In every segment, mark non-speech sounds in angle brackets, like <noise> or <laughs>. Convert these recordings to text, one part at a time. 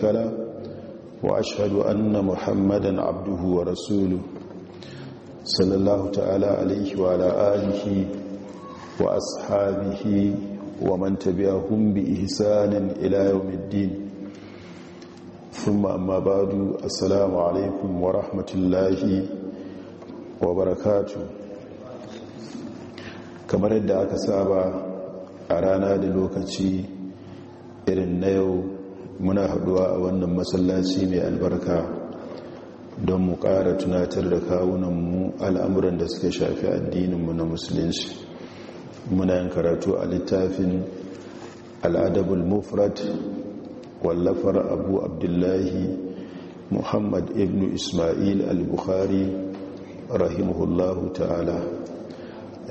شريك له وأشهد أن محمدا عبده ورسوله صلى الله تعالى عليه وعلى آله وأصحابه ومن تبعهم بإحسان إلى يوم الدين ثم أما بعد السلام عليكم ورحمة الله وبركاته kamar yadda aka saba a rana da lokaci irin na yau muna haduwa a wannan masallaci mai albarka don mu ƙara tunatar da kawunanmu al'amuran da suka shafi addininmu na musulunci muna yin karatu a littafin al'adabul mufrat wallafar abu abdullahi muhammad ibn ismail al-bukhari rahimahullahu ta'ala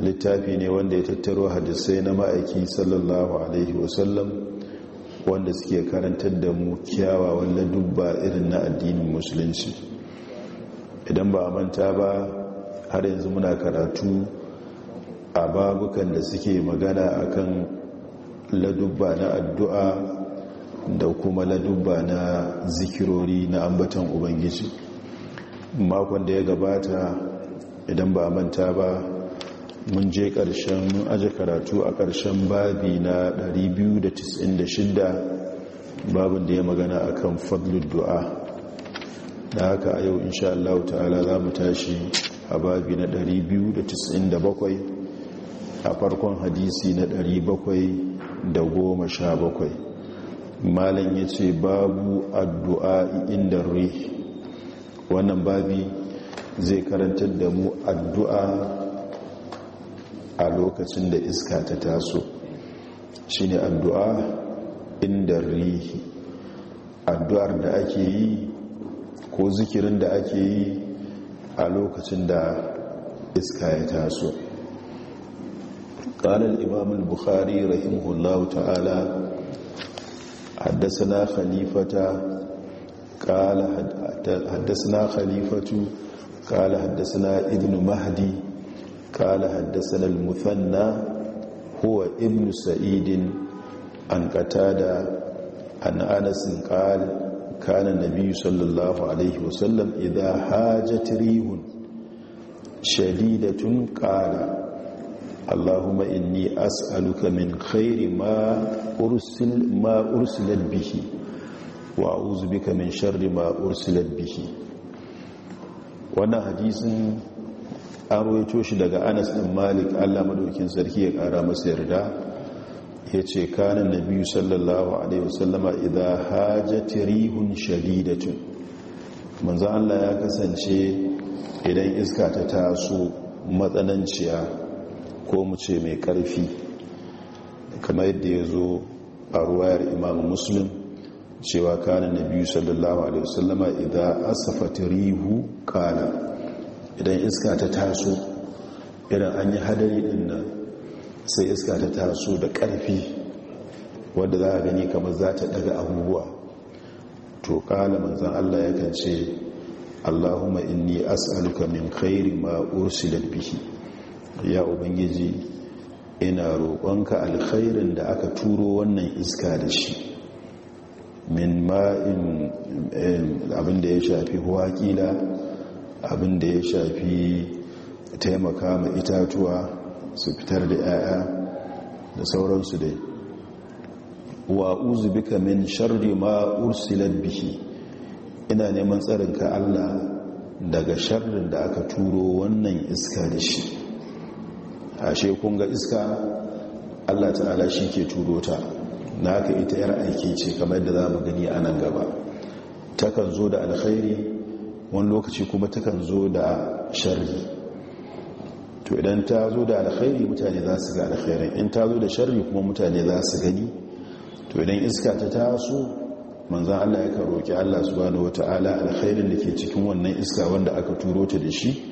littafi ne wanda ya tattaro hadisai na ma'aiki sallallahu alaihi wasallam wanda suke karantar da mu kyawawan ladubba irin na addinin musulunci idan ba a manta ba har yanzu muna karatu a babukan da suke magana a kan ladubba na addu'a da kuma ladubba na zikirori na ambatan ubangiji makon da ya gabata idan ba a manta ba mun je ƙarshen mun aje karatu a ƙarshen babi na 296 babin da ya magana a kan fadlul du'a da haka a yau insha Allah ta'ala za mu tashi a babi na 297 a farkon hadisi na 717 malam ya ce babu addu'a inda rai wannan babi zai karantar da mu addu'a a lokacin da iska ta taso shi ne addu'a inda rihi addu'ar da ake yi ko zikirin da ake yi a lokacin da iska ya taso قال الإمام البخاري رحمه الله تعالى حدثنا خليفة قال حدثنا خليفة قال حدثنا ابن مهدي قال حدثنا المثنى هو ابن سعيد عن قتادة عن أنس قال كان النبي صلى الله عليه وسلم إذا حاجت ريح شديدة قال اللهم إني أسألك من خير ما أرسل ما أرسلت به وأعوذ بك من شر ما أرسلت به وانا حديث an ya shi daga anas ɗin malik allah maɗaukin sarki ya ƙara masa yarda ya ce kanan na biyu sallallahu alaihi wasallama idan hajjati rihun shadidatun manzo allah ya kasance idan iska ta taso matsananciya ko mu ce mai ƙarfi kamar yadda ya zo a ruwayar imamu muslim cewa kanan na biyu sallallahu alaihi wasallama idan ta rihu kanan idan iska ta taso idan an yi hadari din nan sai iska ta taso da ƙarfi wadda za a gani kamar za ta daga abubuwa to ƙala manzan allah ya kance allahumma inni as'aluka min khairi ma ursilat bihi ya ubangiji ina roƙonka alkhairin da aka turo wannan iska da shi min ma'in eh, abinda ya shafi huwa ƙila abin da ya shafi taimaka ma itatuwa su fitar da 'ya'ya da sauransu dai wa bika min sharri ma ursilat bihi ina neman tsarinka Allah daga sharrin da aka turo wannan iska da shi ashe kun ga iska Allah ta'ala shi ke turo ta na ita 'yar aiki ce kamar da za mu gani a nan gaba takan zo da alkhairi wani lokaci kuma takan zo da sharri to idan ta zo da alkhairi mutane za su ga alkhairin in ta zo da sharri kuma mutane za su gani to idan iska ta taso manzan Allah ya ki Allah su wata ala, alkhairin da ke cikin wannan iska wanda aka turo ta da shi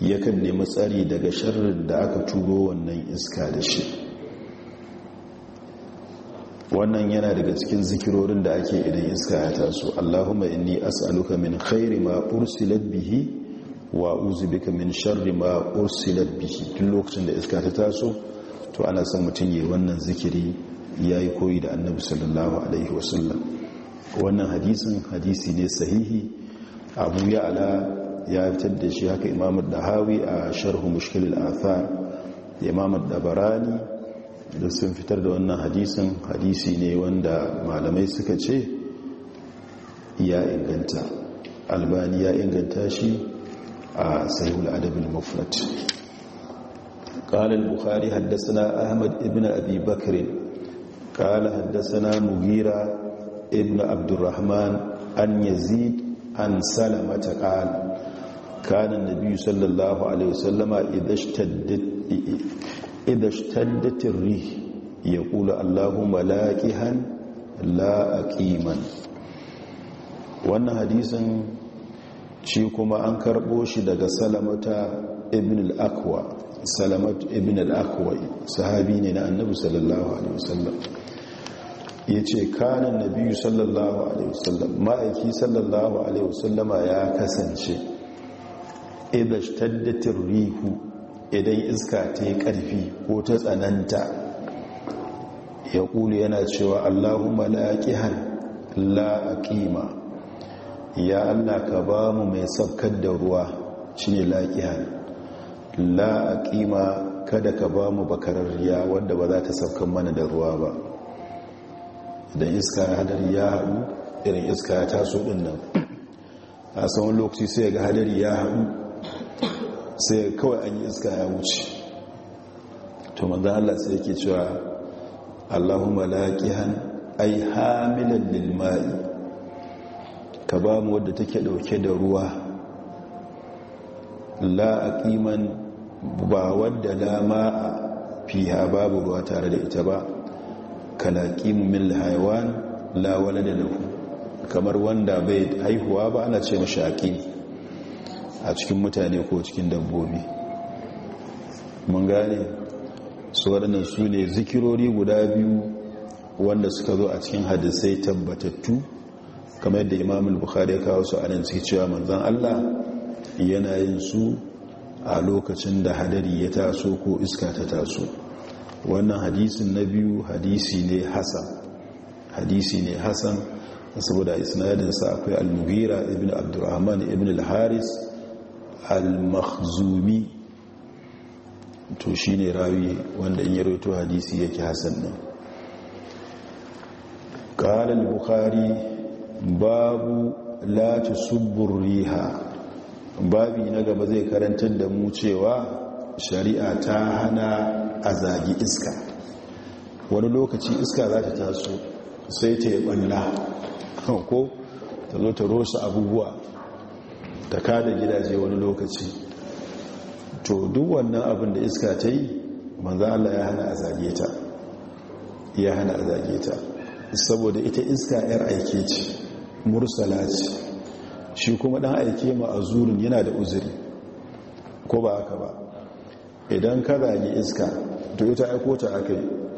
yakan nemi tsari daga sharrin da aka turo wannan iska da shi wannan yana daga cikin zikirorin da ake idan iska ya taso allahumma inni as'aluka min khairi ma ursilat bihi wa bika min sharri ma ursilat bihi duk lokacin da iska ta taso to ana son mutum yi wannan zikiri yayi koyi da annabi sallallahu alaihi wasallam wannan hadisin hadisi ne sahihi abu ya'la ya fitar da shi haka imam dahawi a sharhu mushkil al-athar imam dabarani da sun fitar da wannan hadisin hadisi ne wanda malamai suka ce ya inganta albani ya inganta shi a sahihul adabul mufrad قال البخاري حدثنا أحمد ابن أبي بكر قال حدثنا مغيرة ابن عبد الرحمن أن يزيد أن سلمة قال كان النبي صلى الله عليه وسلم إذا اشتدت idashtaddatin rih ya kula allahumma laqihan la'aqiman wannan hadisin shi kuma an karbo shi daga salamata ibn al-akwa salamat ibn al-akwa sahabi ne na annabi sallallahu alaihi wasallam yace kana nabiyyu sallallahu alaihi wasallam ma'aiki sallallahu alaihi wasallama ya kasance idashtaddatir rihu idan iska ta yi ƙarfi ko ta tsananta ya ƙuli yana cewa allahumma laƙihar la'aƙima ya allah ka ba mu mai saukar da ruwa shine ne laƙihar la'aƙima kada ka ba mu ya wadda ba za ta saukar mana da ruwa ba idan iska hadari ya haɗu irin iska ya taso ɗin nan a tsawon lokaci sai ga hadari ya haɗu sai kawai an yi iska ya wuce to manzan Allah sai yake cewa Allahumma laqihan ay hamilan lil ma'i ka ba mu wadda take dauke da ruwa la aqiman ba wadda la ma fiha babu ruwa tare da ita ba kalaqimu min haywan la walada lahu kamar wanda bai haihuwa ba ana ce mashi aqim a cikin mutane ko cikin dabbobi mun gane su waɗannan su ne zikirori guda biyu wanda suka zo a cikin hadisai tabbatattu kamar yadda imamul bukhari ya kawo su a nan suke cewa manzan allah yana yin su a lokacin da hadari ya taso ko iska ta taso wannan hadisin na biyu hadisi ne hasan hadisi ne hasan saboda isnadinsa akwai al-mughira ibn abdurrahman ibn al-haris al-makhzumi to shi ne rawi wanda in yaroto hadisi yake hasan ɗin al Bukhari babu lati subbur riha babi na gaba zai karantar da mu cewa shari'a ta hana a zagi iska wani lokaci iska za ta taso sai ta yi ɓanna <laughs> ko ta zo ta rosa abubuwa ta kada gidaje wani lokaci to duk wannan abin da iska ta yi manzo Allah ya hana a zage ta ya hana a ta saboda ita iska yar aike ce mursala ce shi kuma dan aike ma zurin yana da uzuri ko ba haka ba idan ka zage iska to ita aiko ta yi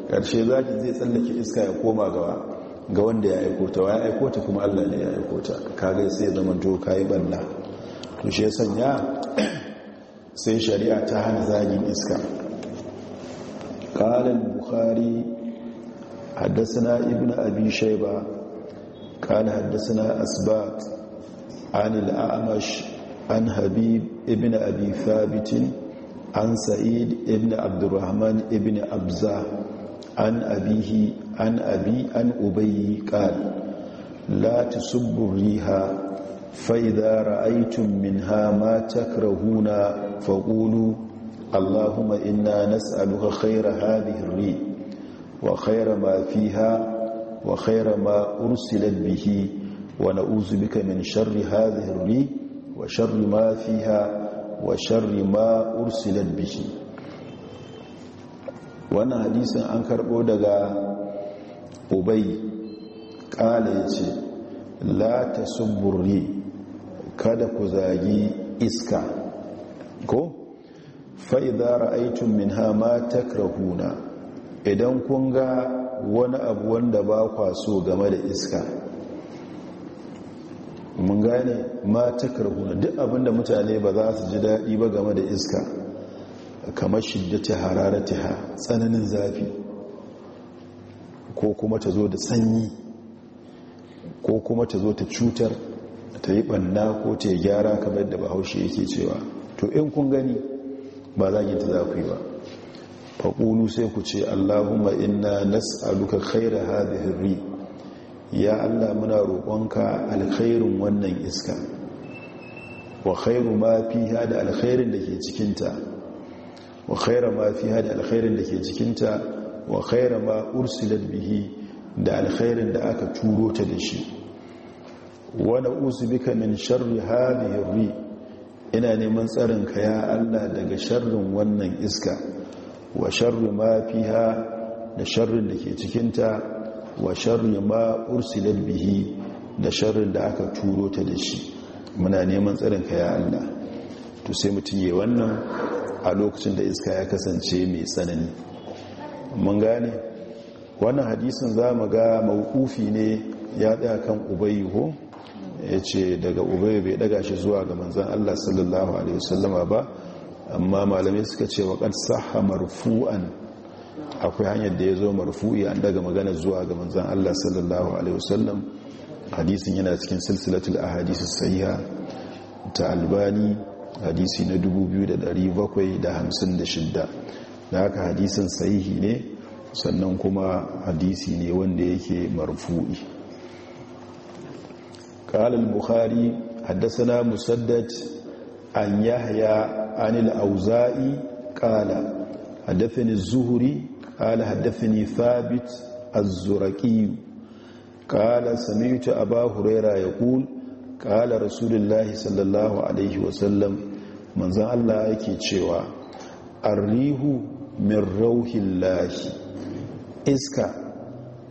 karshe zaki zai tsallake iska ya koma gawa ga wanda ya aiko ta wa ya aiko ta kuma Allah ne ya aiko ta kaga sai zaman to kai banna to shi sanya sai shari'a ta hana zagin iska kalin Buhari, haddasa ibn abi shaiba kan haddasa na asbat an al'amash an habib ibn abi fabitin an sa'id ibn abdurrahman ibn abza an abihi an abi an ubayi kan la ta subbin riha فإذا رأيتم منها ما تكرهون فقولوا اللهم إنا نسألك خير هذه الريح وخير ما فيها وخير ما أرسلت به ونعوذ بك من شر هذه الريح وشر ما فيها وشر ما أرسلت به wannan hadisin an karɓo daga ubai ƙala ya ce la ta suburri kada ku zagi iska ko fa'iza ra'aitun min hama ta idan kun ga wani abu wanda ba kwa so game da iska mun gane ma takrahuna duk abinda mutane ba za su ji daɗi ba game da iska kamar shiddata hararatiha tsananin zafi ko kuma ta zo da sanyi ko kuma ta zo ta cutar ta yi ɓanna ko ta yi gyara kamar da bahaushe yake cewa to in kun gani ba ginta za ku yi ba faƙulu sai ku ce allahumma inna nas'aluka khaira hadhihi ri ya allah muna roƙonka alkhairin wannan iska wa khairu ma fiha da alkhairin da ke cikinta wa khaira ma fiha da alkhairin da ke cikinta wa khaira ma ursilat bihi da alkhairin da aka turo ta da shi wani usu bika min sharri hadihin ri ina neman tsarinka ya allah daga sharrin wannan iska wa sharri ma ha da sharrin da ke cikinta wa sharri ma ursilar bihi da sharrin da aka turo ta da shi muna neman tsarinka ya allah to sai mutum yi wannan a lokacin da iska ya kasance mai tsanani mun gane wannan hadisin za mu ga mawufi ne ya tsaya kan ubayi ho ya ce daga ubai bai daga shi zuwa ga manzan allah sallallahu alaihi wasallama ba amma malamai suka ce wa saha marfu'an akwai hanyar da ya zo marfu'i an daga magana zuwa ga manzan allah sallallahu alaihi wasallam hadisin yana cikin silsilatul a ahadisi sahiha ta albani hadisi na 2756 da haka hadisin sahihi ne sannan kuma hadisi ne wanda yake marfu'i قال البخاري حدثنا مسدد عن يحيى عن الأوزائي قال حدثني الزهري قال حدثني ثابت الزرقي قال سمعت أبا هريرة يقول قال رسول الله صلى الله عليه وسلم من ذا الله يكي تشوى الريح من روح الله iska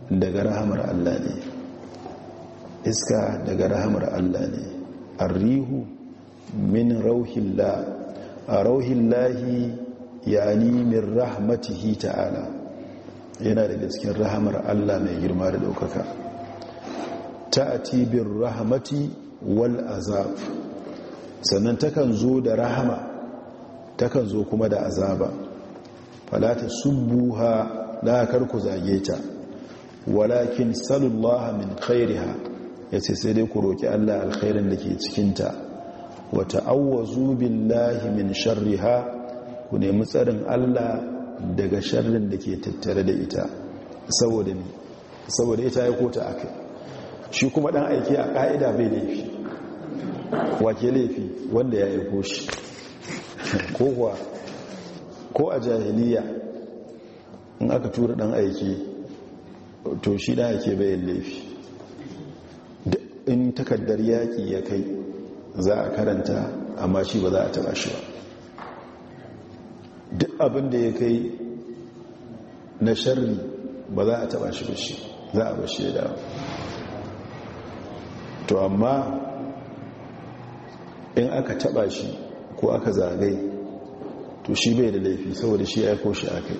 daga rahamar Allah ne iska daga rahamar Allah ne arrihu min rauhillah a rauhillahi yani min rahmatihi ta'ala yana daga cikin rahamar Allah mai girma da daukaka ta'ati bir rahmati wal azab sannan takan zo da rahama takan zo kuma da azaba falata subbuha la karku zage ta walakin salullaha min khairiha ya ce sai dai ku roƙi allah alkhairin da ke cikinta wata zubin billahi min sharriha ku nemi tsarin allah daga sharrin da ke tattare da ita saboda ne saboda ita ya kota akai shi kuma dan aiki a ka'ida bai laifi wake laifi wanda ya aiko shi ko kuwa ko a jahiliya in aka tura ɗan aiki to shi dan aiki bayan laifi in takardar yaƙi ya kai za a karanta amma shi ba za a taba shi ba duk abin da ya kai na sharri ba za a taba shi ba shi za a shi ya dawo to amma in aka taɓa shi ko aka zagai to shi bai da laifi saboda shi aiko shi kai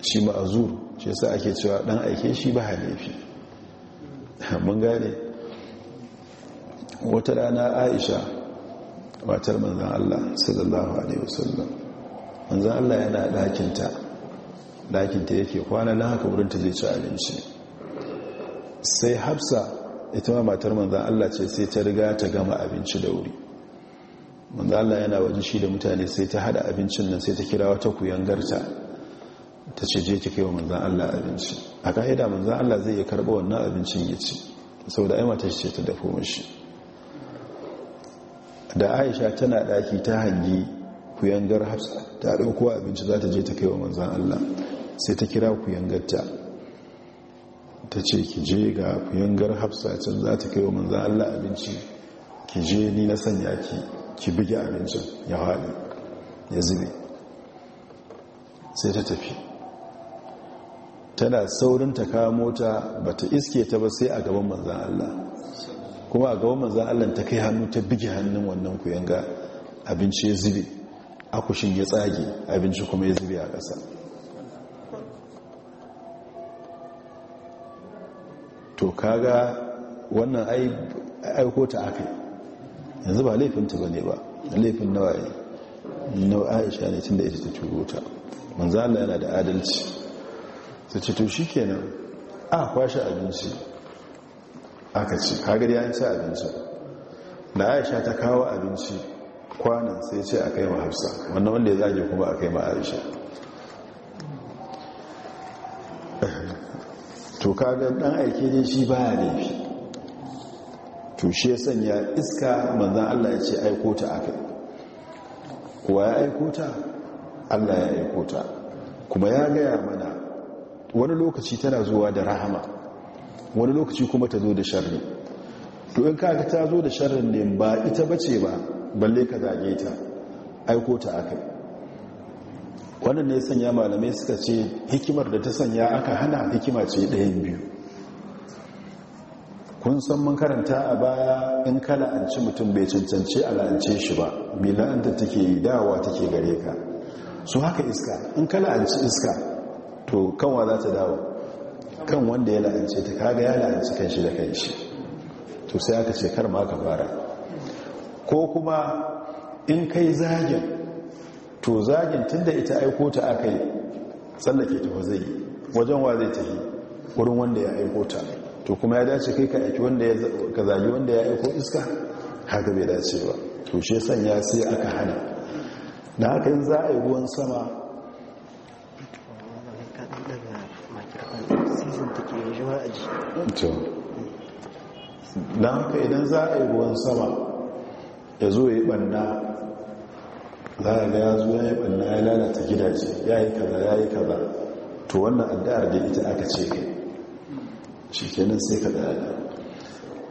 shi ma'azur shi yasa ake cewa dan aike shi ba laifi mun gane wata rana aisha watar manzan allah sallallahu alaihi wasallam manzan allah yana dakinta ɗakinta yake kwana na haka ta zai ci abinci sai hafsa ita ma matar manzan allah ce sai ta riga ta gama abinci da wuri manzan allah yana waje shi da mutane sai ta hada abincin nan sai ta kira wata kuyangarta ta ce je ki kai wa manzan allah abinci a ka'ida manzan allah zai iya karɓa wannan abincin ya ci saboda ai mata ce ta dafo mashi da aisha tana daki ta hangi kuyangar hafsa ta ɗauko abinci za ta je ta kai wa manzan allah sai ta kira kuyangarta ta ce ki je ga kuyangar hafsa can za ta kai wa manzan allah abinci ki je ni na sanya ki ki bugi abincin ya haɗe ya zube sai ta tafi tana saurin ta mota mota bata iske ta ba sai a gaban manzan allah kuma a wani manzan allah ta kai hannu ta bige hannun wannan yanga abinci ya zube akushin ya tsage abinci kuma ya zube a ƙasa to kaga wannan aiko ta aka yanzu ba laifinta ba ne ba laifin nawaye nawa aisha ne tun da ita ta turo ta manzan allon yana da adalci sai ce to shi kenan a kwashe abinci aka ce kagar ya ci abinci da aisha ta kawo abinci kwanan sai ce a kai ma hafsa wannan wanda ya zage kuma a kai ma aisha <laughs> to kagar dan aike ne shi baya laifi to shi ya sanya iska manzan Allah ya ce aiko ta aka kuwa ya aiko ta Allah ya aiko ta kuma ya gaya mana wani lokaci tana zuwa da rahama wani lokaci kuma ta zo da sharri to in kaga ta zo da sharrin ne ba ita bace ba balle ka zage ta aiko ta akai wannan ne sanya malamai suka ce hikimar da ta sanya aka hana hikima ce ɗayan biyu kun san mun karanta a baya in ka la'anci mutum bai cancanci a la'ance shi ba mai la'anta take dawa take gare ka su haka iska in ka la'anci iska to kanwa za ta dawo kan wanda ya la'ance ta kaga ya la'anci kan shi da kan shi to sai aka ce kar ma ka fara ko kuma in kai zagin to zagin tunda ita aiko ta aka yi tsallake ta ba zai yi wajen wa zai yi wurin wanda ya aiko ta to kuma ya dace kai ka aiki wanda ya zagi wanda ya aiko iska haka bai dace ba to shi sanya sai aka hana Na haka in za a yi ruwan sama abin take yanzu har aji don haka idan za a yi ruwan sama ya zo ya yi ɓanna za a ga ya zo ya yi ɓanna ya lalata gidaje ya yi kaza ya yi kaza to wannan addu'ar da ita aka ce ka shi kenan sai ka ɗaya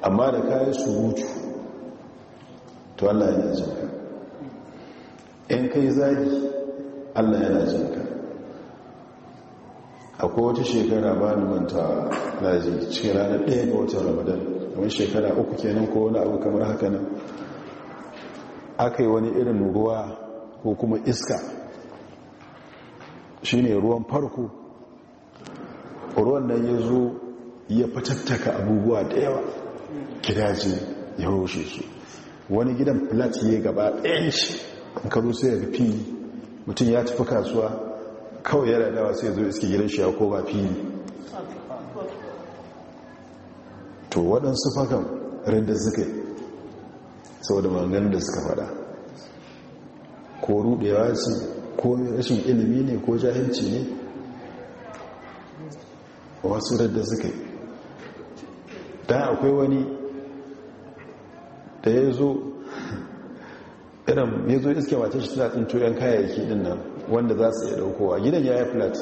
amma da ka yi surutu to allah yana jinka in yi zagi allah yana jinka akwai wata shekara ba ni manta na cikin ranar ɗaya ga watan ramadan wani shekara uku kenan ko wani abu kamar haka nan aka yi wani irin ruwa ko kuma iska shine ruwan farko ruwan nan ya zo ya fatattaka abubuwa da yawa gidaje ya roshe su wani gidan flat ya gaba ɗaya shi in ka zo ya rufi mutum ya tafi kasuwa kawai yana dawa sai zo iske gidan shi ya koma fili to waɗansu fakan rinda suka yi saboda maganin da suka faɗa ko ruɗewa ce ko rashin ilimi ne ko jahilci ne wasu rinda suka yi da akwai wani da ya zo <laughs> irin ya zo iske shi suna tsinto yan kayayyaki din nan wanda za su iya daukowa gidan ya yi flat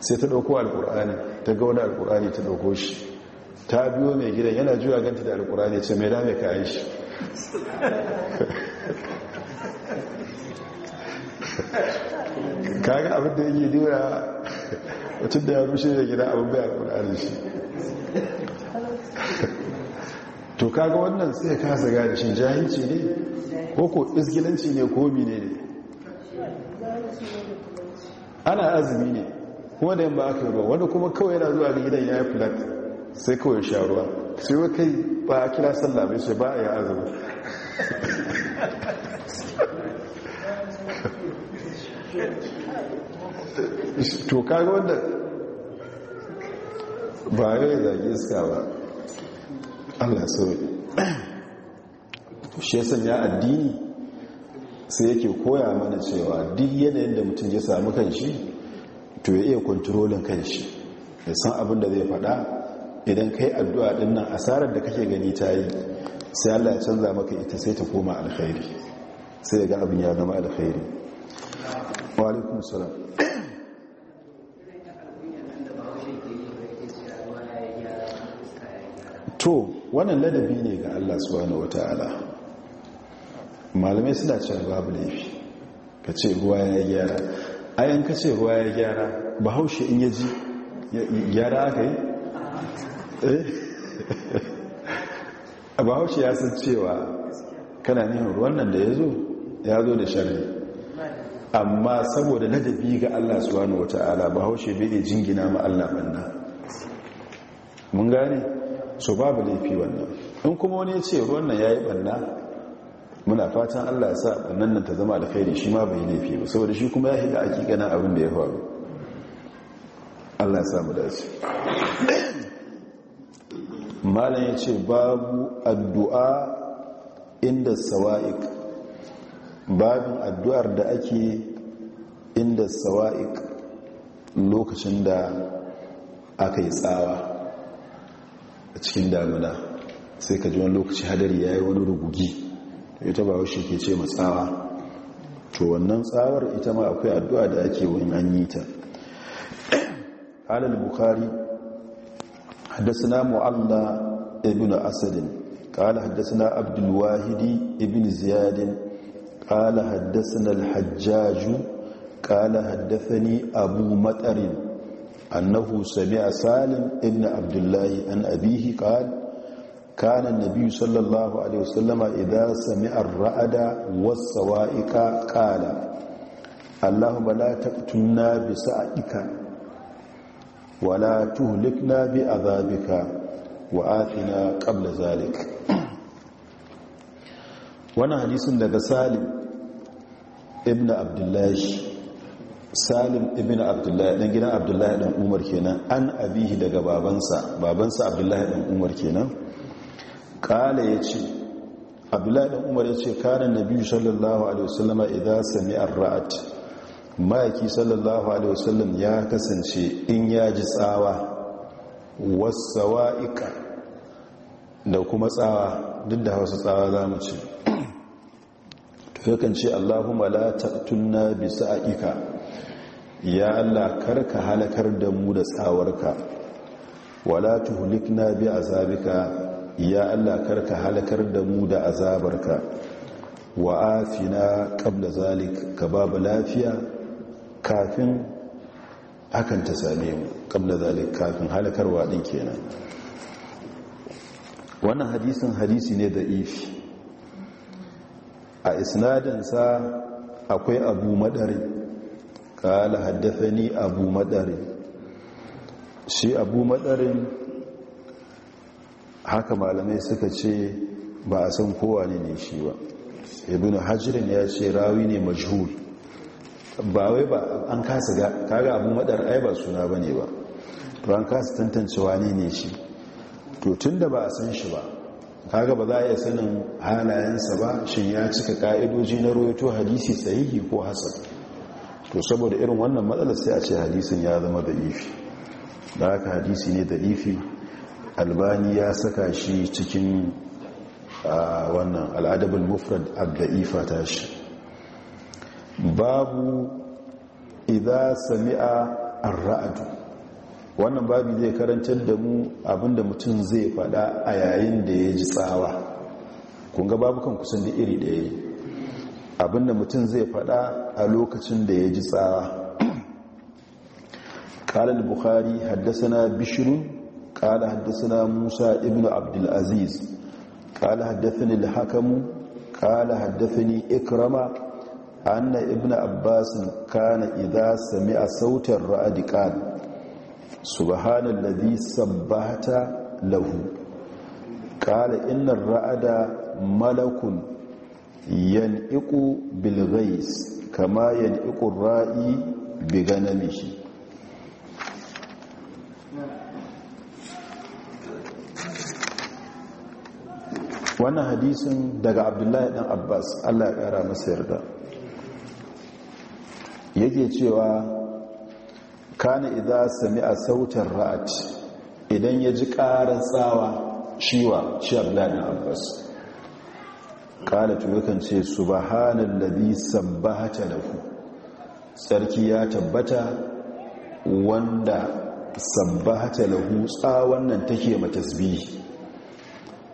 sai ta dauko alkur'ani ta ga wani alkur'ani ta dauko shi ta biyo mai gidan yana juya ganta da alkur'ani ce mai dame yi shi <laughs> kaga abin da yake a cikin da ya rushe da gida abin bai alkur'ani shi <laughs> to kaga wannan sai ka gane shi jahilci ne ko ko isgilanci ne ko mine ne ana azumi ne kuma da yamma aka yi ruwa wani kuma kawai yana zuwa gidan ya yi flat sai kawai sha ruwa sai wai kai ba a kira sallah mai shi ba a yi azumi <laughs> to kaga wanda ba a yi zagi iska ba allah sauri <coughs> shi ya sanya addini sai yake koya mana cewa duk yanayin da mutum ya samu kanshi to ya iya kwantarolin kanshi da san abin da zai faɗa idan kai addu'a ɗin nan asarar da kake gani ta yi sai allah ya canza maka ita sai ta koma alkhairi sai ya ga abin ya zama alkhairi wa'alaikun salam to wannan ladabi ne ga allah subhanahu wata'ala malamai suna cewa babu laifi ka ce ruwa ya gyara ayan ka ce ruwa ya gyara ba haushe in yaji gyara aka yi eh. a <laughs> ba haushe ya san cewa kana nihin ruwan nan da ya zo ya zo da shari amma saboda ladabi ga allah subhanahu wa ta'ala ba haushe bai jingina ma allah banna mun gane so babu laifi wannan in kuma wani ya ce ruwan nan ya yi banna muna fatan Allah ya sa nan nan ta zama alkhairi shi ma bai laifi ba saboda shi kuma ya shiga hakikanin abin da ya faru Allah ya sa mu dace malam ya ce babu addu'a inda sawa'ik babin addu'ar da ake inda sawa'ik lokacin da aka yi tsawa a cikin damuna sai ka ji wani lokaci hadari ya yi wani rugugi ita ba washe ke ce matsawa to wannan tsawar ita ma akwai addu'a da ake wani an yi ta alal bukari haddasa mu'alla ibn asadin ƙala haddasa na abdulwahidi ibn ziyadin ƙala haddasa na alhajjaju ƙala haddasa ni abu matsarin annahu sami a salim ibn abdullahi an abihi ƙala Kanan nabi sallallahu alaihi wasallama idza sami'a ar-ra'ada was-sawa'iqa qala allahumma la taqtulna bi sa'ika wa la tuhlikna bi adhabika wa atina qabla zalik wannan hadisin daga salim ibn abdullahi salim ibn abdullahi dan abdullahi dan umar kenan an abihi daga babansa babansa abdullahi dan umar kenan kala ya ce abdullahi umar ya ce kanan biyu sallallahu alaihi wasallam idan sami ra'at ma'aiki sallallahu alaihi wasallam ya kasance in ya ji tsawa wasawa'ika da kuma tsawa duk da hausa tsawa za mu ce tufakan ce allahumma la ta'tunna bi sa'ika ya allah karka halakar da mu da tsawarka wala tuhlikna bi azabika ya Allah karka halakar da mu da azabarka wa afina qabla zalik ka babu lafiya kafin hakan ta same mu qabla zalik kafin halakarwa din kenan wannan hadisin hadisi ne da ifi a isnadin sa akwai abu madari kala haddathani abu madari shi abu madarin haka malamai suka ce ba a san kowa ne ne shi ba ibn hajjirin ya ce rawi ne majhul ba wai ba an kasa ga kaga abin wadar ai ba suna bane ba to an kasa tantancewa ne ne shi to tunda ba a san shi ba kaga ba za a iya sanin halayensa ba shin ya cika ka'idoji na ruwaito hadisi sahihi ko hasan to saboda irin wannan matsalar sai a ce hadisin ya zama da ifi da haka hadisi ne da ifi albani ya saka shi cikin wannan al'adabin mufrad adda'ifa ta shi babu idha sami'a ar-ra'du wannan babu zai karantar da mu abinda mutum zai fada a yayin da ya ji tsawa kun ga babu kan kusan da iri daya abinda mutum zai fada a lokacin da ya ji tsawa قال haddasa na bishirun قال حدثنا موسى ابن عبد العزيز قال حدثني الحكم قال حدثني إكرم أن ابن عباس كان إذا سمع صوت الرعد قال سبحان الذي سبحت له قال إن الرعد ملك ينئق بالغيث كما ينئق الرائي بغنمه wannan hadisin daga abdullahi dan abbas allah ya kara masa yarda yake cewa kana sami a sautar ra'at idan ya ji ƙarar tsawa shiwa shi abdullahi dan abbas kala tuwakan ce su subhanallazi sabbata lahu sarki ya tabbata wanda sabbahata lahu tsawan nan take matasbihi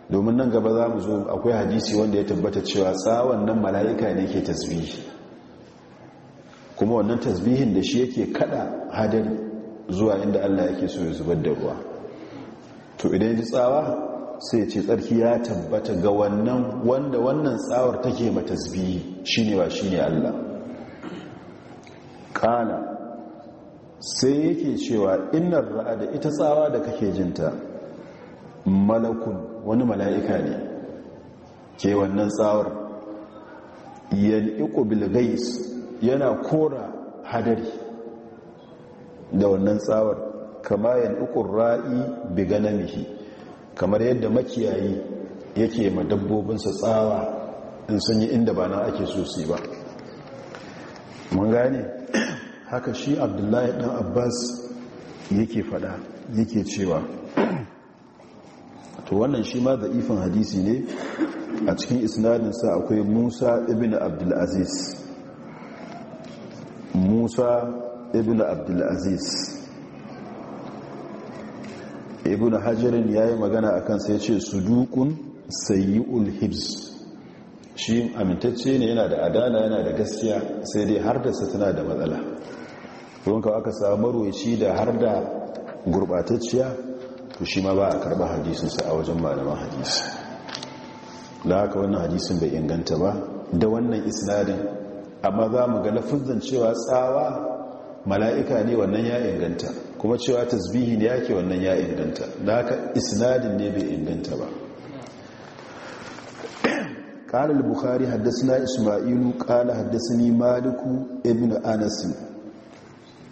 domin nan gaba za mu zo akwai hadisi wanda ya tabbata cewa tsawon nan mala'ika ne ke tasbihi kuma wannan tasbihin da shi yake kada hadar zuwa inda Allah yake so ya zubar da ruwa to idan ji tsawa sai ce tsarki ya tabbata ga wannan wanda wannan tsawar take ma tasbihi shine ba shine Allah kana sai yake cewa innar ra'a da ita tsawa da kake jinta malakun wani mala'ika ne ke wannan tsawar yal'iku bilgais yana kora hadari da wannan tsawar kama yal'iku ra'i biganamihi kamar yadda makiyayi yake ma dabbobinsa tsawa in sun yi inda ba na ake sosai ba mun gane haka shi abdullahi dan abbas yake fada yake cewa to wannan shi ma da'ifin hadisi ne a cikin isnadinsa akwai musa ibn abdulaziz musa ibn abdulaziz ibn hajjarin ya yi magana a kansa ya ce su sudukun sayi'ul hibs shi amintacce ne yana da adana yana da gaskiya sai dai har da tana da matsala ruwan aka samu marwaci da har da gurbatacciya to shi ma ba a karba hadisinsa a wajen malaman hadisi da haka wannan hadisin bai inganta ba da wannan isnadin amma za mu ga lafuzan cewa tsawa mala'ika ne wannan ya inganta kuma cewa tasbihi ne yake wannan ya inganta da haka isnadin ne bai inganta ba قال البخاري حدثنا إسماعيل قال حدثني Maliku, ابن Anasi.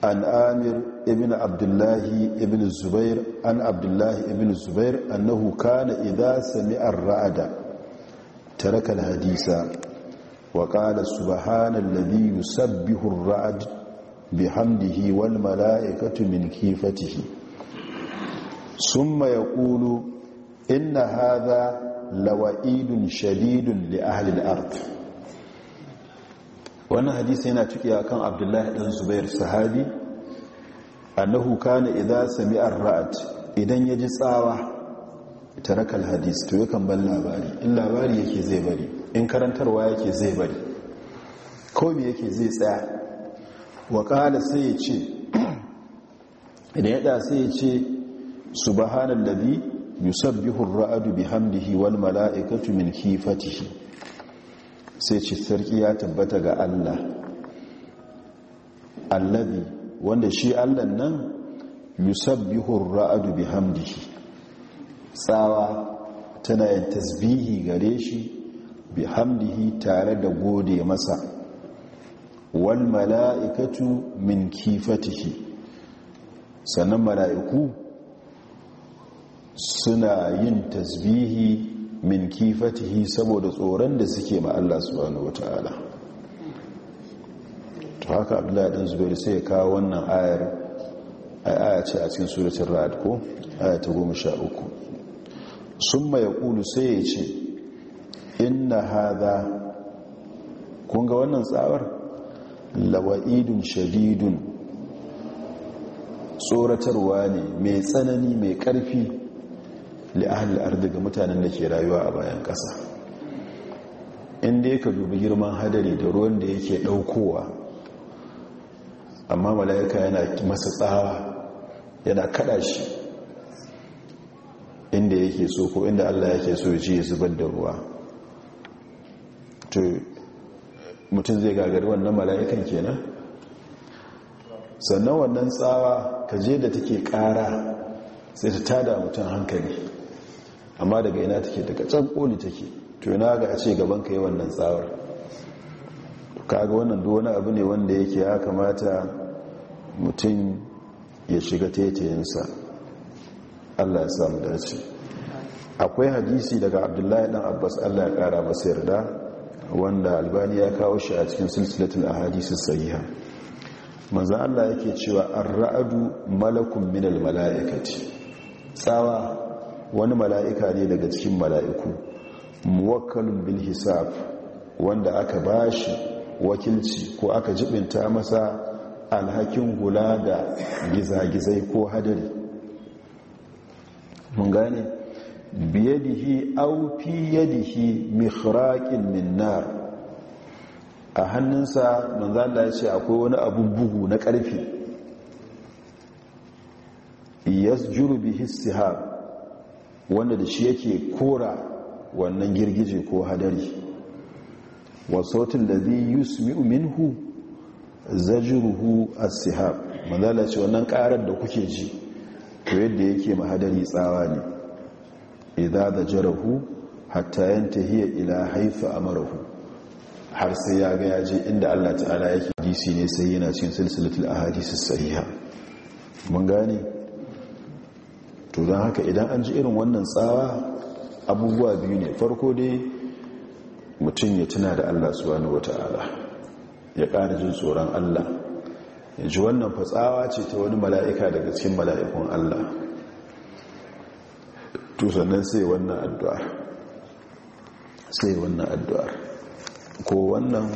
an amir ibn abdullahi ibn zubair an abdullahi ibn zubair annahu kana idza sami'a ar-ra'da taraka al-hadisa wa qala subhana alladhi yusabbihu ar-ra'd bihamdihi wal mala'ikatu min kifatihi thumma yaqulu inna hadha lawa'idun shadidun li ahli al-ardh wannan hadisi yana ciki a kan abdullahi ɗan zubair sahabi annahu kana sami an ra'ad, idan yaji tsawa tarakal hadis to yakan ban labari in labari yake zai bari in karantarwa yake zai bari ko yake zai tsaya Wakala sai ya ce idan <clears throat> ya sai ya ce su subhanallazi Yusuf bihun ra'adu bihamdihi wal mala'ikatu min kifatihi sai ce sarki ya tabbata ga Allah allabi wanda shi Allah nan yusabbihur ra'adu bihamdihi tsawa tana yin tasbihi gare shi bihamdihi tare da gode masa wal mala'ikatu min kifatihi sannan mala'iku suna yin tasbihi min kifatihi saboda tsoron da suke ma Allah subhanahu wataala to haka Abdullahi dan Zubair sai ya kawo wannan ayar aya ce a cikin suratul Ra'd ko aya ta 13 summa yaqulu sai ya ce inna hadha kun ga wannan tsawar lawa'idun shadidun tsoratarwa ne mai tsanani mai ƙarfi. li'ahal ardi ga mutanen da ke rayuwa a bayan ƙasa inda ya ka dubi girman hadari da ruwan da yake ɗaukowa amma mala'ika yana masa tsawa yana kada shi inda yake so ko inda allah yake so ya ce ya zubar da ruwa to mutum zai gagari wannan mala'ikan kenan sannan wannan tsawa ka je da take ƙara sai ta tada mutum hankali amma daga ina take daga can koli take to yana ga a ce gaban ka yi wannan tsawar kaga wannan duk wani abu ne wanda yake ya kamata mutum ya shiga taitayensa Allah ya samu dace akwai hadisi daga abdullahi dan abbas Allah ya kara masa yarda wanda albani ya kawo shi a cikin silsilatul ahadisi sahiha manzo Allah yake cewa an ra'adu malakun minal mala'ikati tsawa wani mala'ika ne daga cikin mala'iku muwakkalin bil hisab wanda aka ba shi wakilci ko aka jibinta masa alhakin hula da gizagizai ko hadari mun gane biyadihi au fiye yadihi hi mihraƙin minna. a hannunsa mun za da ce akwai wani abun bugu na ƙarfi yasjuru bihi wanda da shi yake kora wannan girgije ko hadari wa sautin da zai yi yusmi'u minhu zajiruhu asihab sihab manzala ce wannan karar da kuke ji to yadda yake mahadari tsawa ne da zajarahu hatta yanta hiya ila haifa a amarahu har sai ya ga yaje inda Allah ta'ala yake disi ne sai yana cikin silsilatul ahadisus sahiha mun gane to don haka idan an ji irin wannan tsawa abubuwa biyu ne farko dai mutum ya tuna da allah wata ala ya ƙara jin tsoron allah ya ji wannan fatsawa ce ta wani mala'ika daga cikin mala'ikun allah to sannan sai wannan addu'ar sai wannan addu'ar ko wannan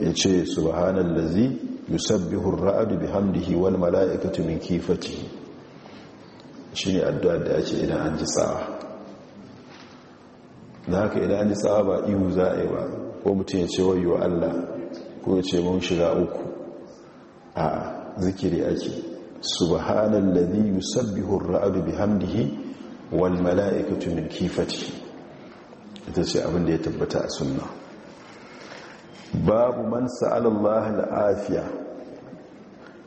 ya ce subhanallazi yusabbihu ar-ra'd bihamdihi wal mala'ikatu min kifatihi shine addu'a da ake idan an ji tsawa na idan an ji tsawa ba ihu za yi ba ko mutum ya ce wayo Allah ko ya ce mun shiga uku a zikiri ake subhanallazi yusabbihu ar-ra'd bihamdihi wal mala'ikatu min kifatihi ita ce abin da ya tabbata a sunna babu man sa'alallah al'afiya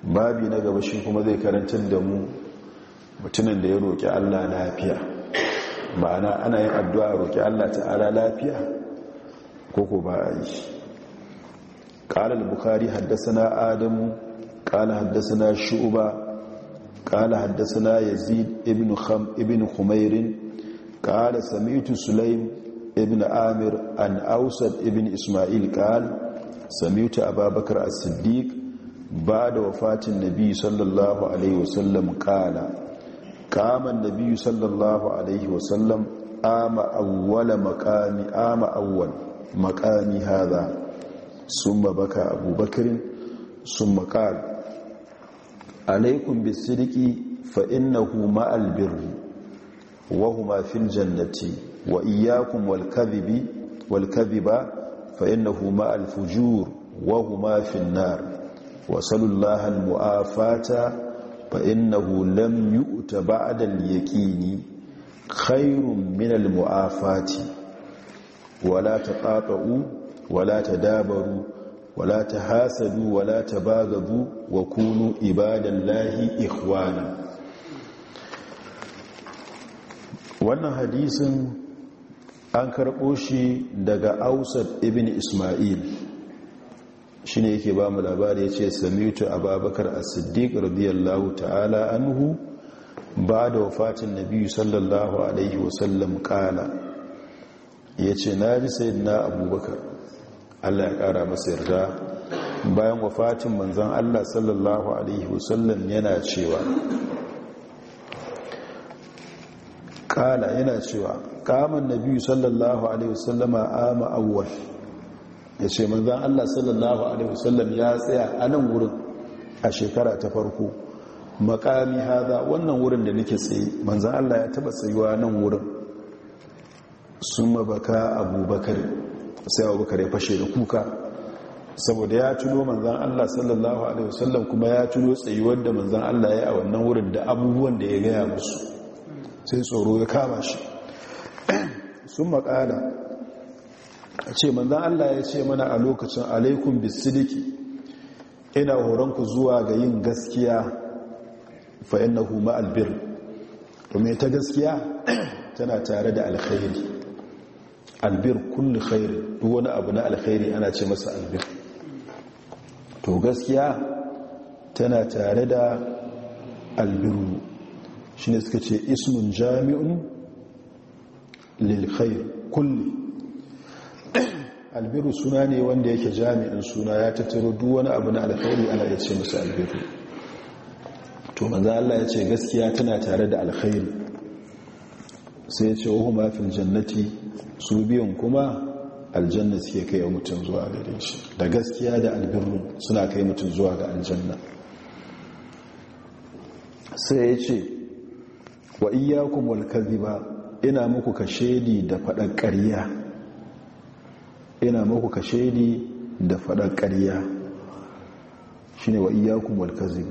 babi na gaba shi kuma zai karantar da mu mutumin da ya roƙi Allah lafiya ma'ana ana yin addu'a a roƙi Allah ta'ala lafiya ko ba a yi ƙalar bukari haddasa adamu ƙala haddasa na shuba ƙala haddasa na yazid ibn humairin ƙala samitu sulaim ibn amir an ausad ibn ismail ƙal samitu ababakar as-siddiq ba da wafatin nabi sallallahu alaihi wasallam kala kaman nabi sallallahu alaihi wasallam ama awwala makami ama awwal makami hadha summa baka abubakar summa qala alaikum bisidiki fa innahu ma'al birri wa huma fil jannati wa iyyakum wal kadhibi wal kadhiba fa innahu ma'al fujur wa huma fin nar wasallallahu almu'afata fa innahu lam yu'ta ba'da al-yaqini khairun min mu'afati. wala taqatu wala tadabaru wala tahasadu wala tabagabu wa kunu ibadallahi ikhwana wannan hadisin an karɓo shi daga ausad ibn ismail shi ne yake ba mu labari ya ce samitu ababakar a siddiq radiyallahu ta'ala anhu ba da wafatin nabi sallallahu alaihi wasallam kala ya ce na ji na, abubakar allah ya kara masa yarda bayan wafatin manzan allah sallallahu alaihi wasallam yana cewa kala yana cewa kamun nabi sallallahu alaihi wasallama ama awwal ya ce manzan Allah sallallahu Alaihi wasallam ya tsaya a nan wurin a shekara ta farko makami haza wannan wurin da nake tsaye manzan Allah ya taba tsayuwa nan wurin sun mabaka abubakar sai abubakar ya fashe da kuka saboda ya tuno manzan Allah sallallahu Alaihi wasallam kuma ya tuno tsayuwar da manzan Allah ya a wannan wurin da abubuwan da ya gaya musu sai tsoro ya kama shi <clears throat> sun makala ce manzan Allah ya ce mana a lokacin alaikun bisidiki ina horonku zuwa ga yin gaskiya fa'in na huma albir domin ta gaskiya <clears throat> tana tare da alkhairi albir kulli khairi duk wani abu na alkhairi ana ce masa albir to gaskiya tana tare da albiru shi ne suka ce ismun jami'un lil khairi kulli albiru suna ne wanda yake jami'in suna ya tattaro duk wani abu na alkhairi ana ya ce musu albiru to maza Allah ya ce gaskiya tana tare da alkhairi sai ya ce wahu mafin jannati su biyun kuma aljanna suke kai mutum zuwa gare shi da gaskiya da Albiru suna kai mutum zuwa ga aljanna sai ya ce wa iyakun walkazi ba ina muku kashedi da faɗar ƙarya yana muku kashe kashedi da faɗar ƙarya shi ne wa iyakun walkazin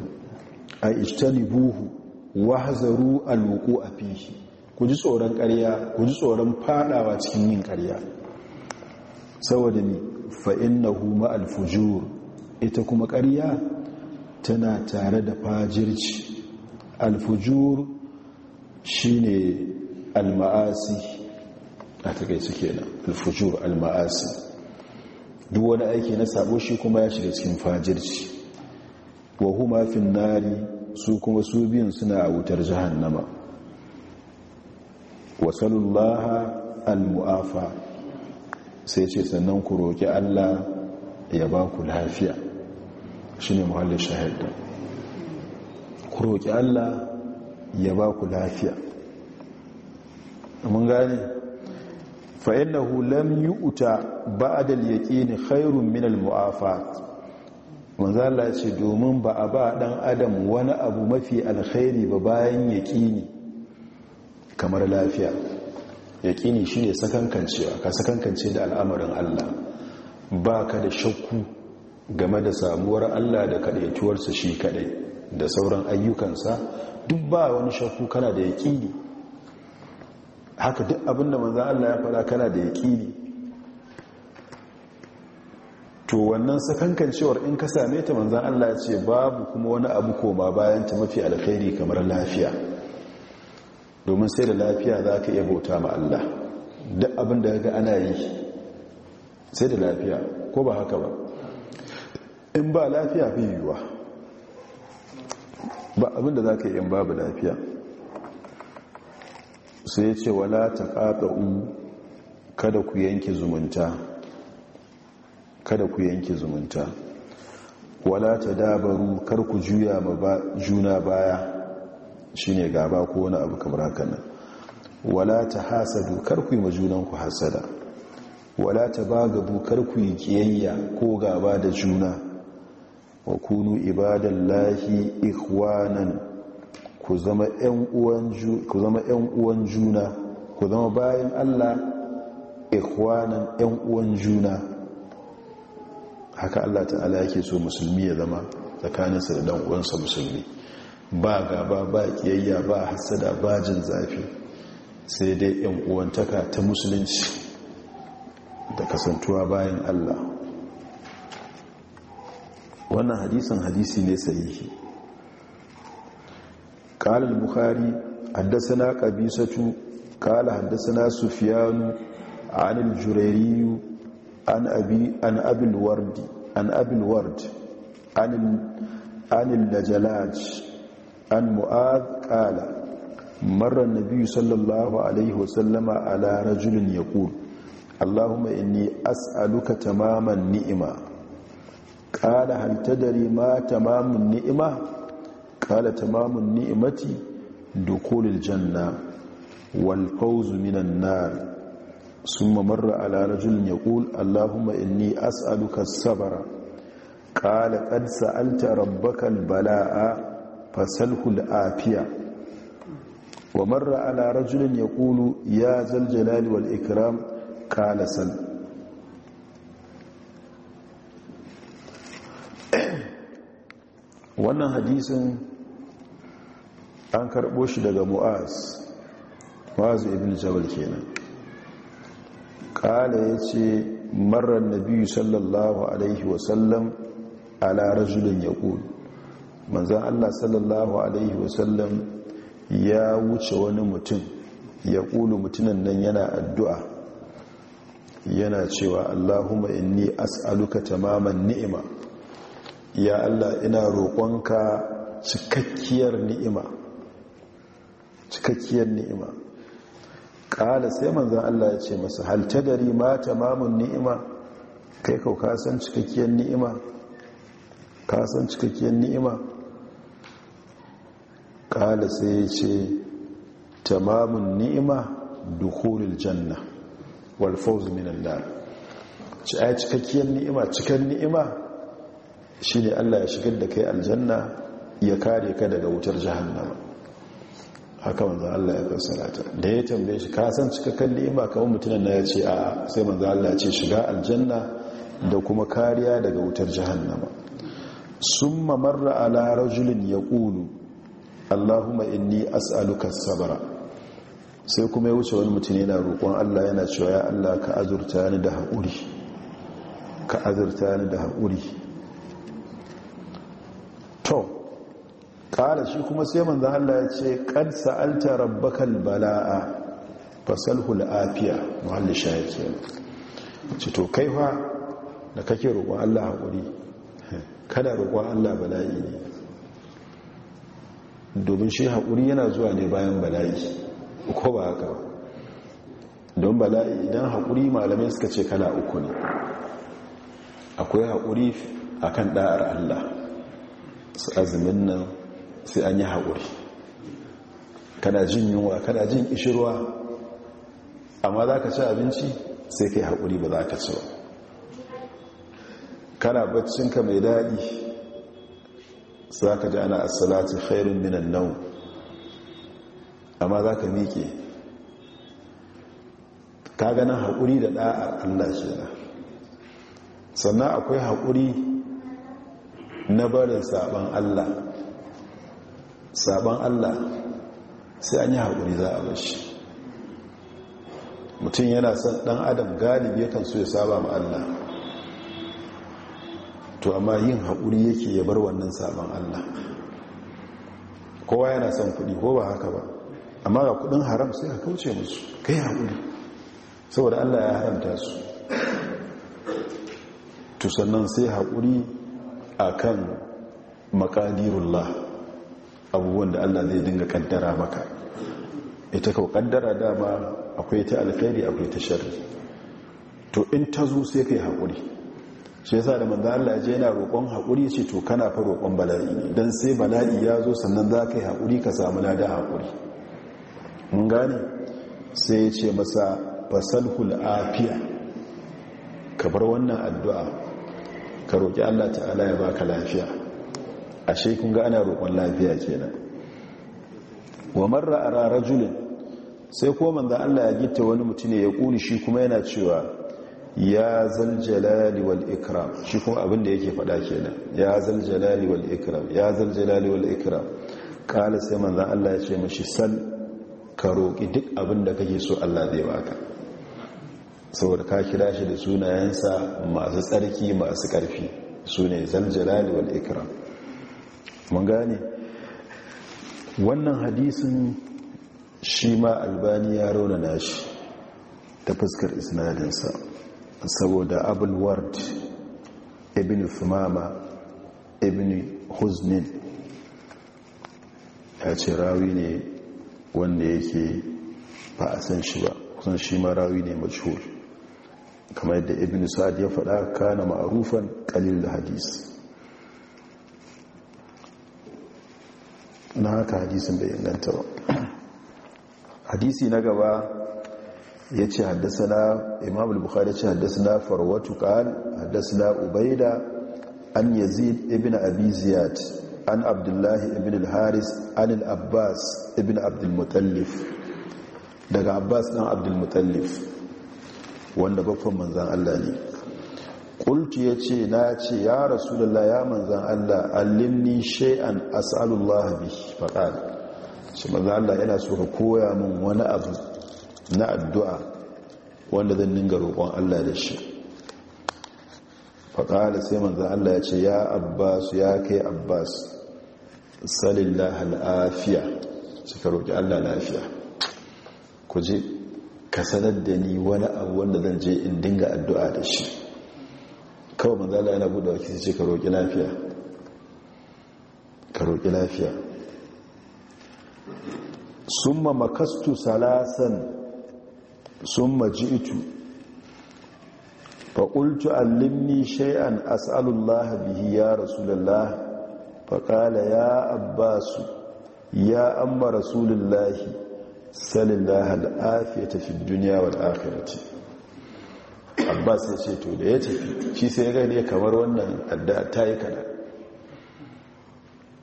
a ishtali buhu wa hazaru alwuku a fishi ku ji tsoron ƙarya ku ji tsoron faɗawa cikin yin ƙarya saboda ni fa'in na huma alfujur ita kuma ƙarya tana tare da fajirci alfujur shi ne alma'asi a takaici kenan alfujur alma'asi duk wani aiki na sabo shi kuma ya shiga cikin fajirci wa huma nari su kuma su biyun suna a wutar jahannama wasalullaha almu'afa sai ce sannan ku roƙi Allah ya ba ku lafiya shine muhallin shahada ku roƙi Allah ya ba ku lafiya mun gane fa innahu lam yu'ta ba'da al khairun min al-mu'afat manzo ce domin ba a ba ɗan adam wani abu mafi alkhairi ba bayan yaƙini. kamar lafiya yaƙini shine sakankancewa ka sakankance da al'amarin Allah ba ka da shakku game da samuwar Allah da kaɗaituwarsa shi kaɗai, da sauran ayyukansa duk ba wani shakku kana da yaƙini haka duk abinda manzan Allah ya faɗa kana da yaƙini to wannan sakankan cewar in ka same ta manzan Allah ya ce babu kuma wani abu koma bayan ta mafi alkhairi kamar lafiya domin sai da lafiya za ka iya bauta ma Allah duk abin da ga ana yi sai da lafiya ko ba haka ba in ba lafiya fi yiwuwa ba abin da za ka yi in babu lafiya sai ce wala ta kada ku yanke zumunta kada ku yanki zumunta wala ta dabaru kar ku juya ma juna baya shine gaba ko wani abu kamar haka nan wala ta hasadu kar ku yi ma junanku hasada wala ta bagabu kar ku yi kiyayya ko gaba da juna wa kunu ibadallahi ikhwanan ku zama ‘yan uwan juna ku zama bayan Allah ikwanan ‘yan uwan juna haka Allah ta'ala yake so musulmi ya zama tsakaninsa da ɗan'uwansa musulmi ba gaba ba ƙiyayya ba hasada ba jin zafi sai dai ‘yan uwantaka ta musulunci da kasantuwa bayan Allah wannan hadisan hadisi ne sahihi قال البخاري حدثنا قبيسة قال حدثنا سفيان عن الجريري عن أبي, عن أبي الورد عن أبي الورد عن, عن النجلاج عن معاذ قال مر النبي صلى الله عليه وسلم على رجل يقول اللهم إني أسألك تمام النئمة قال هل تدري ما تمام النئمة kala tamamun ni'imati dukulil janna wal fawzu minan nar summa marra ala rajul yaqul allahumma inni as'aluka as-sabra qala qad sa'alta rabbaka al-balaa fasalhu al-afiya wa marra ala rajul yaqulu ya zal jalali wal ikram qala sal wannan hadisin an karbo shi daga mu'az mu'az ibn jabal kenan kala ya ce nabi sallallahu alaihi wa sallam ala rajulin ya manzo allah sallallahu alaihi wa sallam ya wuce wani mutum ya ƙulu mutunan nan yana addu'a yana cewa Allahumma inni as'aluka tamaman ni'ima ya Allah ina roƙonka cikakkiyar ni'ima cikakkiyar ni'ima ƙala sai manzan Allah ya ce masu halta gari ma tamamun ni'ima kai kau kasan cikakkiyar ni'ima kasan cikakkiyar ni'ima ƙala sai ya ce tamamun ni'ima duhurin janna wal minan ci a cikakkiyar ni'ima cikan ni'ima shine Allah ya shigar da kai aljanna ya kare ka daga wutar jihannama haka wanzu Allah ya fassara ta da ya tambaye shi ka san cikakken ni'ima kamar mutumin na ya ce a sai manzan Allah ya ce shiga aljanna da kuma kariya daga wutar jahannama summa marra ala rajulin yaqulu Allahumma inni as'aluka sabra sai kuma ya wuce wani mutum yana roƙon Allah yana cewa ya Allah ka azurta ni da haƙuri ka azurta ni da haƙuri ƙara shi kuma sai manzo Allah ya ce kad sa'alta rabbakal bala'a fasalhu afiya muhalli shahid ya ce to kai fa da kake roƙon Allah hakuri kada roƙon Allah bala'i ne domin shi hakuri yana zuwa ne bayan bala'i ko ba haka ba don bala'i idan hakuri malamai suka ce kala uku ne akwai haƙuri akan kan ɗa'ar Allah su azumin nan sai an yi haƙuri kana jin yunwa kana jin ishirwa amma za ka ci abinci sai ka yi haƙuri ba za ka ci ba kana baccinka mai daɗi za ka ji ana asalatu khairun minan nau amma za ka miƙe ka ganin haƙuri da ɗa'ar allah kenan sannan akwai haƙuri na barin saɓon allah Sabon allah sai an yi haƙuri za a bashi mutum yana son ɗan adam galibi kan so ya saba ma allah to amma yin haƙuri yake ya bar wannan sabon allah kowa yana son kuɗi ko ba haka ba amma ga kuɗin haram sai ka kauce musu kai haƙuri saboda allah ya haramta su to sai haƙuri a kan makadirullah abubuwan da Allah zai dinga kaddara maka ita kawo kaddara dama akwai ta alkhairi akwai ta sharri to in ta zo sai kai haƙuri shi yasa da manzan Allah je yana roƙon haƙuri ce to kana fa roƙon bala'i ne don sai bala'i ya zo sannan za ka yi haƙuri ka samu lada haƙuri mun gane sai ya ce masa fasalhul afiya ka bar wannan addu'a ka roƙi Allah ta'ala ya baka lafiya ashe kun ga ana roƙon lafiya kenan wa marra ara rajulin sai ko manzo Allah ya gitta wani mutum ya kuli shi kuma yana cewa ya zal jalali ikram shi kuma abin da yake faɗa kenan ya zal jalali ikram ya zal jalali ikram kala sai manzo Allah ya ce mishi sal ka roƙi duk abin da kake so Allah zai baka saboda ka kira shi da sunayensa masu tsarki masu ƙarfi sune zal jalali wal ikram mun gane wannan hadisin shi ma albani ya rauna nashi ta fuskar isnadinsa saboda abulward ibn fumama ibn huznin ya ce rawi ne wanda yake ba a san shi ba kusan shi ma rawi ne majhul kamar yadda ibn sa'ad ya faɗa kana ma'arufan kalil hadis na haka hadisin bai inganta ba hadisi na gaba ya ce haddasa imam al-bukhari ce haddasa na farwatu kan haddasa na ubaida an yazid ibn abi an abdullahi ibn al-haris an al-abbas ibn abdulmutallif daga abbas dan abdulmutallif wanda bakon manzan allah ne kultu ya ce na ce ya la ya manzan Allah allimni shay'an as'alullah bi faqal shi manzan Allah yana so ka koya min wani abu na addu'a wanda zan dinga roƙon Allah da shi faqala sai manzan Allah ya ce ya abbas ya kai abbas salillah al'afiya suka roƙi Allah lafiya ku ka sanar da ni wani abu wanda zan je in dinga addu'a da shi kawai manzala yana buɗe wa kisa ce ka roƙi lafiya ka roƙi lafiya sun ma makastu salasan sun ma itu faƙultu allimni shay'an as'alullah bihi ya rasulallah faƙala ya abbasu ya amma rasulullahi salillah al'afiyata fi duniya wal'akirati abbas ya ce to da ya tafi shi sai ya gani kamar wannan adda ta yi kada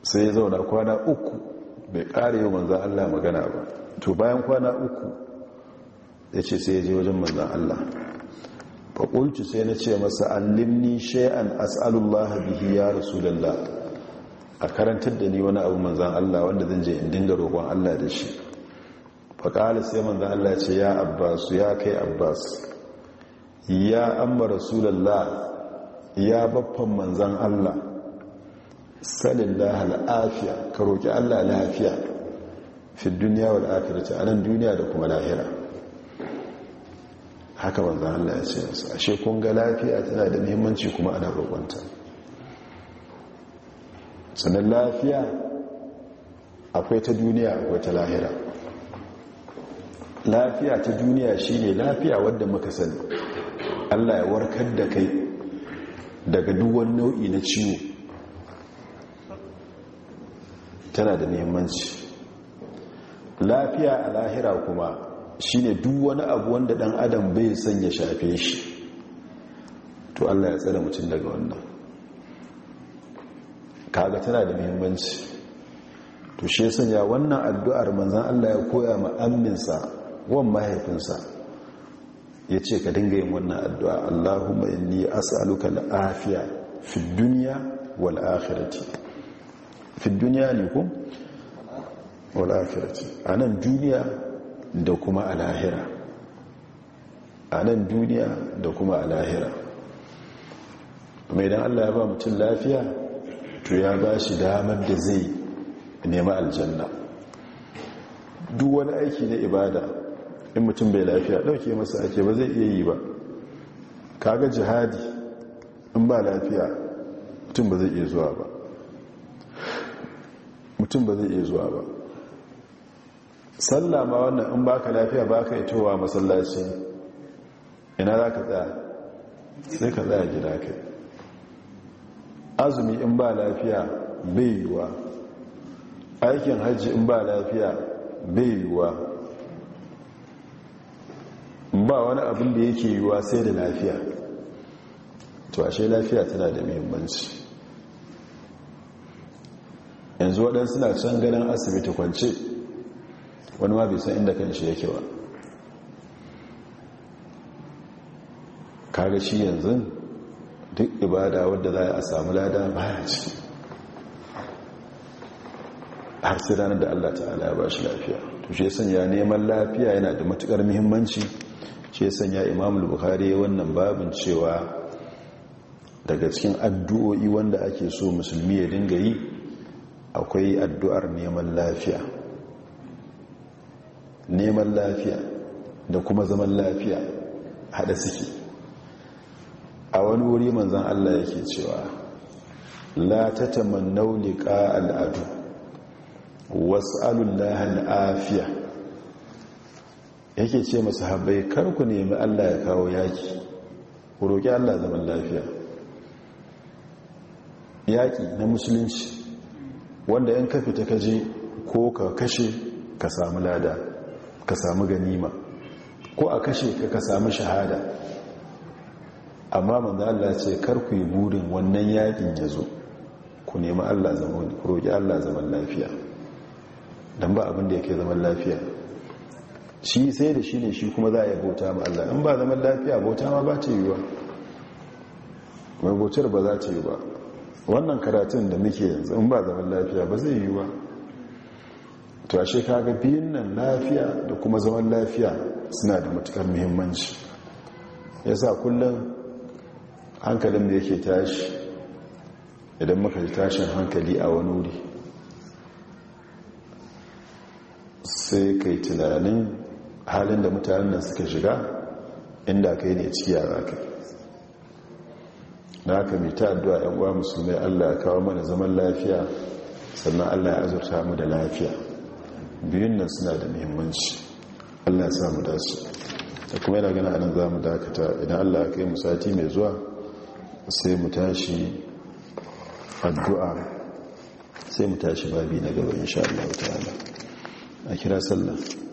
sai ya zauna kwana uku bai kare yau manzan allah magana ba to bayan kwana uku ya ce sai ya je wajen manzan allah faƙulci sai na ce masa allimni shay'an as'alullah bihi ya rasulullah a karantar da ni wani abu manzan allah wanda zan je in dinga roƙon allah da shi faƙalis sai manzan allah ce ya abbasu ya kai abbas ya amma rasulallah ya baffan manzan Allah salillah al'afiya ka roƙi Allah lafiya fi duniya wal akhirati a anan duniya da kuma lahira haka manzan Allah ya ce masa ashe kun ga lafiya tana da muhimmanci kuma ana roƙonta sannan lafiya akwai ta duniya akwai ta lahira lafiya ta duniya shine lafiya wadda muka sani allah ya warkar da kai daga duwan nau'i na ciwo tana da nemanci lafiya a lahira kuma shine duk wani abu wanda dan adam bai son shafe shi to allah ya tsada mutum daga wannan kaga tana da muhimmanci to shi ya sanya wannan addu'ar manzan allah ya koya ma amminsa wan mahaifinsa ya ce ka dinga yin wannan addu'a Allahumma inni as'aluka la'afiya, fi duniya wal fi duniya ne ku wal a nan duniya da kuma a lahira a nan duniya da kuma a lahira don Allah ya ba mutum lafiya to ya ba shi damar da zai nema aljanna duk wani aiki na ibada in mutum bai lafiya dauke masa ake ba zai iya yi ba kaga jihadi in ba lafiya mutum ba zai iya zuwa ba mutum ba zai iya zuwa ba sallah ma wannan in baka lafiya baka yi towa masallaci ina za ka tsaya sai ka tsaya gida kai azumi in ba lafiya bai yiwuwa aikin hajji in ba lafiya bai yiwuwa ba wani abin da yake yiwuwa sai da lafiya to ashe lafiya tana da muhimmanci yanzu waɗansu na can ganin asibiti kwance wani ma bai san inda kan shi yake ba kaga shi yanzu duk ibada wadda za a samu lada baya ciki har sai ranar da allah ta'ala ya ba shi lafiya to shi ya neman lafiya yana da matukar muhimmanci shi sanya imamul bukhari wannan babin cewa daga cikin addu'o'i wanda ake so musulmi ya dinga yi akwai addu'ar neman lafiya neman lafiya da kuma zaman lafiya hada suke a wani wuri manzan Allah yake cewa la ta tamannau liqa al'adu was'alullaha al'afiya yake ce masu habai karku nemi allah ya kawo yaki ku roƙi allah zaman lafiya yaƙi na musulunci wanda yan kafi ta kaji ko ka kashe ka samu lada ka samu ganima ko a kashe ka ka samu shahada amma manzo Allah ce kar ku yi burin wannan yakin ya zo ku nemi Allah zaman ku Allah zaman lafiya don ba abin da yake zaman lafiya shi sai da shi ne shi kuma za a yi bauta ma Allah in ba zaman lafiya bauta ma ba ta yi ba mai bautar ba za ta yi ba wannan karatun da muke yanzu in ba zaman lafiya ba zai yi to ashe kaga biyun nan lafiya da kuma zaman lafiya suna da matukar muhimmanci ya sa kullum hankalin da yake tashi idan maka yi tashin hankali a wani wuri sai kai tunanin halin da mutanen nan suka shiga inda ka yi ne ciki a raka na haka mai ta addu'a ‘yan uwa musulmai allah ya kawo mana zaman lafiya sannan allah ya azurta mu da lafiya biyun nan suna da muhimmanci allah ya samu dasu da kuma yana gana anan za mu dakata idan allah ya kai mu sati mai zuwa sai mu tashi addu'a sai mu tashi babi na gaba insha Allah ta'ala a kira sallah